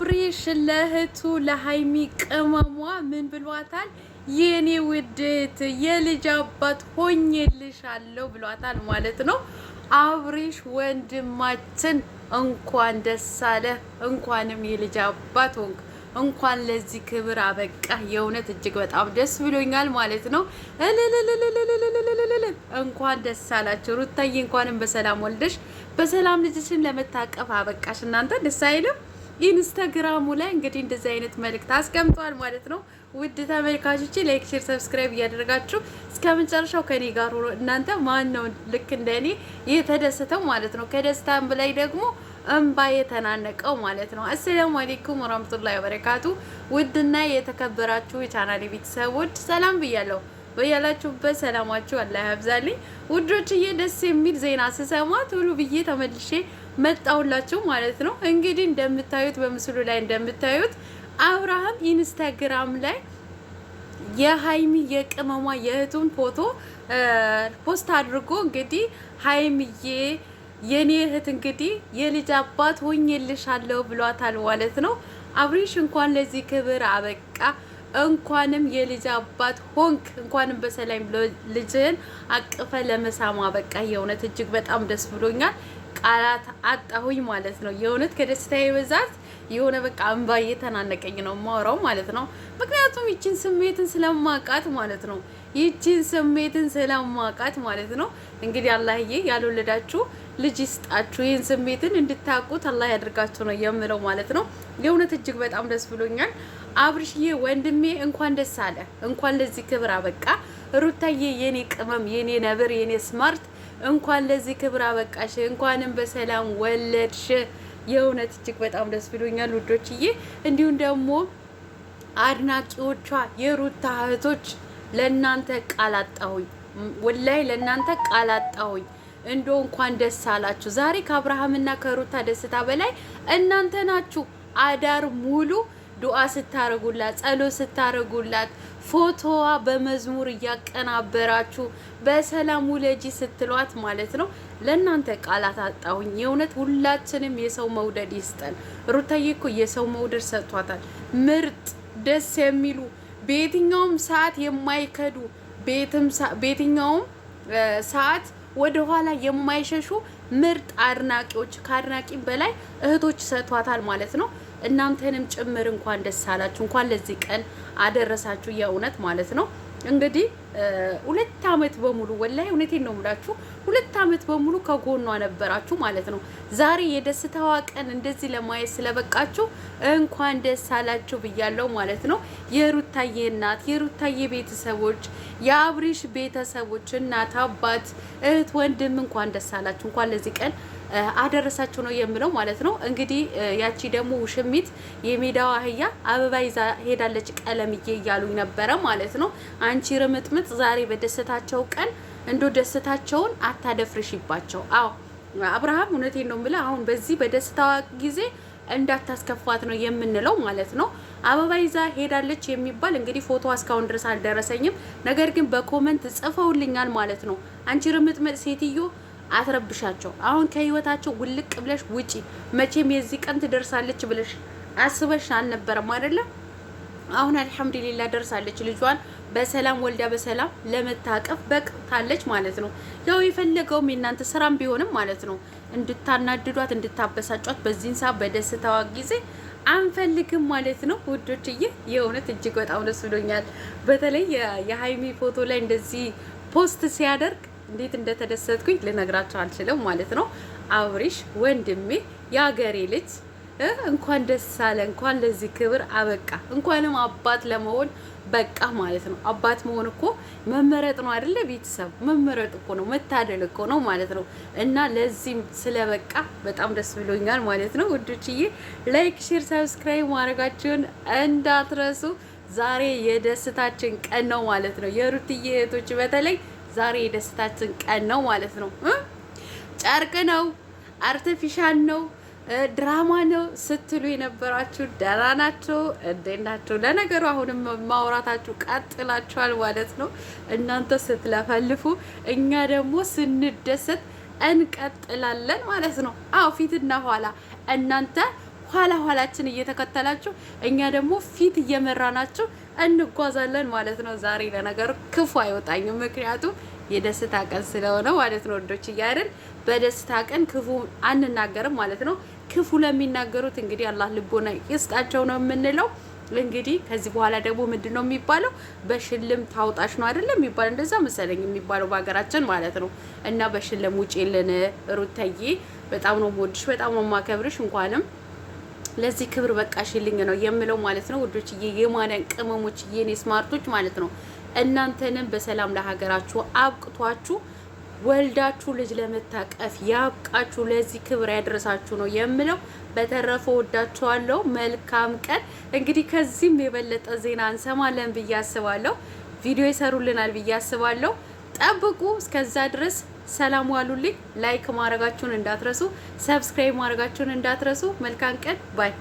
አብሬሽ ለእህቱ ለሀይሚ ቅመሟ ምን ብሏታል? የኔ ውድት የልጅ አባት ሆኜልሻለሁ ብሏታል ማለት ነው። አብሬሽ ወንድማችን እንኳን ደስ አለህ፣ እንኳንም የልጅ አባት ሆንክ፣ እንኳን ለዚህ ክብር አበቃ የእውነት እጅግ በጣም ደስ ብሎኛል ማለት ነው። እንኳን ደስ አላችሁ ሩታዬ፣ እንኳንም በሰላም ወልደሽ በሰላም ልጅሽን ለመታቀፍ አበቃሽ። እናንተ ደስ አይልም? ኢንስታግራሙ ላይ እንግዲህ እንደዚህ አይነት መልእክት አስቀምጧል ማለት ነው። ውድ ተመልካቾች ላይክ፣ ሼር፣ ሰብስክራይብ እያደረጋችሁ እስከ መጨረሻው ከኔ ጋር ሆኖ እናንተ ማን ነው ልክ እንደኔ የተደሰተው ማለት ነው። ከደስታም በላይ ደግሞ እምባ የተናነቀው ማለት ነው። አሰላሙ አሌይኩም ወራህመቱላሂ ወበረካቱ። ውድና የተከበራችሁ የቻናሌ ቤተሰቦች ሰላም ብያለሁ። በያላችሁበት ሰላማችሁ አላህ ያብዛልኝ ውዶችዬ። ደስ የሚል ዜና ስሰማ ቶሎ ብዬ ተመልሼ መጣሁላችሁ ማለት ነው። እንግዲህ እንደምታዩት በምስሉ ላይ እንደምታዩት አብርሃም ኢንስታግራም ላይ የሀይሚ የቅመሟ የእህቱን ፎቶ ፖስት አድርጎ እንግዲህ ሀይሚዬ የኔ እህት እንግዲህ የልጅ አባት ሆኜልሻለሁ ብሏታል ማለት ነው። አብሪሽ እንኳን ለዚህ ክብር አበቃ እንኳንም የልጅ አባት ሆንክ፣ እንኳንም በሰላም ልጅህን አቅፈ ለመሳማ በቃ የእውነት እጅግ በጣም ደስ ብሎኛል። ቃላት አጣሁኝ ማለት ነው። የእውነት ከደስታዬ ብዛት የሆነ በቃ እንባ እየተናነቀኝ ነው ማውራው ማለት ነው። ምክንያቱም ይችን ስሜትን ስለማቃት ማለት ነው። ይችን ስሜትን ስለማቃት ማለት ነው። እንግዲህ አላህዬ ያልወለዳችሁ ልጅ ይስጣችሁ። ይህን ስሜትን እንድታቁት አላህ ያደርጋችሁ ነው የምለው ማለት ነው። የእውነት እጅግ በጣም ደስ ብሎኛል። አብርሽዬ ወንድሜ እንኳን ደስ አለ፣ እንኳን ለዚህ ክብር አበቃ። ሩታዬ የኔ ቅመም፣ የኔ ነብር፣ የኔ ስማርት እንኳን ለዚህ ክብር አበቃሽ፣ እንኳንም በሰላም ወለድሽ። የእውነት እጅግ በጣም ደስ ብሎኛል ውዶችዬ። እንዲሁም ደግሞ አድናቂዎቿ የሩታ እህቶች ለእናንተ ቃል አጣሁኝ፣ ወላይ ለእናንተ ቃል አጣሁኝ። እንዶ እንኳን ደስ አላችሁ። ዛሬ ከአብርሃምና ከሩታ ደስታ በላይ እናንተ ናችሁ። አዳር ሙሉ ዱዓ ስታረጉላት፣ ጸሎት ስታረጉላት፣ ፎቶዋ በመዝሙር እያቀናበራችሁ በሰላም ውለጂ ስትሏት ማለት ነው። ለእናንተ ቃላት አጣሁኝ። የእውነት ሁላችንም የሰው መውደድ ይስጠን። ሩታዬ እኮ የሰው መውደድ ሰጥቷታል። ምርጥ ደስ የሚሉ በየትኛውም ሰዓት የማይከዱ በየትኛውም ሰዓት ወደ ኋላ የማይሸሹ ምርጥ አድናቂዎች ከአድናቂ በላይ እህቶች ሰጥቷታል ማለት ነው። እናንተንም ጭምር እንኳን ደስ አላችሁ፣ እንኳን ለዚህ ቀን አደረሳችሁ። የእውነት ማለት ነው እንግዲህ ሁለት አመት በሙሉ ወላሂ እውነቴን ነው የምላችሁ፣ ሁለት አመት በሙሉ ከጎኗ ነበራችሁ ማለት ነው። ዛሬ የደስታዋ ቀን እንደዚህ ለማየት ስለበቃችሁ እንኳን ደስ አላችሁ ብያለሁ ማለት ነው። የሩታዬ እናት፣ የሩታዬ ቤተሰቦች፣ የአብሪሽ ቤተሰቦች፣ እናት፣ አባት፣ እህት፣ ወንድም እንኳን ደስ አላችሁ፣ እንኳን ለዚህ ቀን አደረሳችሁ ነው የምለው ማለት ነው። እንግዲህ ያቺ ደግሞ ውሽሚት የሜዳዋ አህያ አበባ ይዛ ሄዳለች ቀለምዬ እያሉኝ ነበረ ማለት ነው። አንቺ ርምጥምጥ ዛሬ በደስታቸው ቀን እንዶ ደስታቸውን አታደፍርሽባቸው። አዎ አብርሃም እውነቴን ነው የምልህ አሁን በዚህ በደስታዋ ጊዜ እንዳታስከፋት ነው የምንለው ማለት ነው። አበባ ይዛ ሄዳለች የሚባል እንግዲህ ፎቶ እስካሁን ድረስ አልደረሰኝም፣ ነገር ግን በኮመንት ጽፈውልኛል ማለት ነው። አንቺ ርምጥምጥ ሴትዮ አትረብሻቸው። አሁን ከህይወታቸው ውልቅ ብለሽ ውጪ። መቼም የዚህ ቀን ትደርሳለች ብለሽ አስበሽ አልነበረም አይደለም? አሁን አልሐምዱሊላ ደርሳለች። ልጇን በሰላም ወልዳ በሰላም ለመታቀፍ በቅታለች ማለት ነው። ያው የፈለገውም የእናንተ ስራም ቢሆንም ማለት ነው እንድታናድዷት እንድታበሳጯት በዚህን ሰዓት በደስታዋ ጊዜ አንፈልግም ማለት ነው ውዶችዬ። የእውነት እጅግ በጣም ደስ ብሎኛል። በተለይ የሀይሚ ፎቶ ላይ እንደዚህ ፖስት ሲያደርግ እንዴት እንደተደሰትኩኝ ልነግራቸው አልችልም ማለት ነው። አብሪሽ ወንድሜ፣ የአገሬ ልጅ እንኳን ደስ አለ፣ እንኳን ለዚህ ክብር አበቃ፣ እንኳንም አባት ለመሆን በቃ ማለት ነው። አባት መሆን እኮ መመረጥ ነው አይደለ? ቤተሰብ መመረጥ እኮ ነው፣ መታደል እኮ ነው ማለት ነው። እና ለዚህም ስለበቃ በጣም ደስ ብሎኛል ማለት ነው። ውዶችዬ፣ ላይክ፣ ሼር፣ ሰብስክራይብ ማድረጋችሁን እንዳትረሱ። ዛሬ የደስታችን ቀን ነው ማለት ነው። የሩትዬ እህቶች በተለይ ዛሬ የደስታችን ቀን ነው ማለት ነው። ጨርቅ ነው፣ አርቲፊሻል ነው፣ ድራማ ነው ስትሉ የነበራችሁ ደህና ናቸው፣ እንዴት ናቸው? ለነገሩ አሁንም ማውራታችሁ ቀጥላችኋል ማለት ነው። እናንተ ስትለፈልፉ፣ እኛ ደግሞ ስንደሰት እንቀጥላለን ማለት ነው። አዎ ፊትና ኋላ እናንተ ኋላ ኋላችን እየተከተላችሁ እኛ ደግሞ ፊት እየመራናችሁ እንጓዛለን ማለት ነው። ዛሬ ለነገሩ ክፉ አይወጣኝም፣ ምክንያቱም የደስታ ቀን ስለሆነ ማለት ነው። ወንዶች እያደል በደስታ ቀን ክፉ አንናገርም ማለት ነው። ክፉ ለሚናገሩት እንግዲህ አላህ ልቦና ይስጣቸው ነው የምንለው። እንግዲህ ከዚህ በኋላ ደግሞ ምንድን ነው የሚባለው? በሽልም ታውጣሽ ነው አይደለም የሚባለው፣ እንደዛ መሰለኝ የሚባለው በሀገራችን ማለት ነው። እና በሽልም ውጪ ልን ሩተዬ፣ በጣም ነው የምወድሽ፣ በጣም ነው የማከብርሽ። እንኳንም ለዚህ ክብር በቃ ሽልኝ ነው የምለው ማለት ነው ውዶችዬ፣ የማዳን ቅመሞች፣ የኔ ስማርቶች ማለት ነው። እናንተንም በሰላም ለሀገራችሁ አብቅቷችሁ ወልዳችሁ ልጅ ለመታቀፍ ያብቃችሁ፣ ለዚህ ክብር ያደረሳችሁ ነው የምለው። በተረፈ ወዳችኋለሁ። መልካም ቀን። እንግዲህ ከዚህም የበለጠ ዜና እንሰማለን ብዬ አስባለሁ። ቪዲዮ ይሰሩልናል ብዬ አስባለሁ። ጠብቁ። እስከዛ ድረስ ሰላም ዋሉልኝ። ላይክ ማድረጋችሁን እንዳትረሱ፣ ሰብስክራይብ ማድረጋችሁን እንዳትረሱ። መልካም ቀን ባይ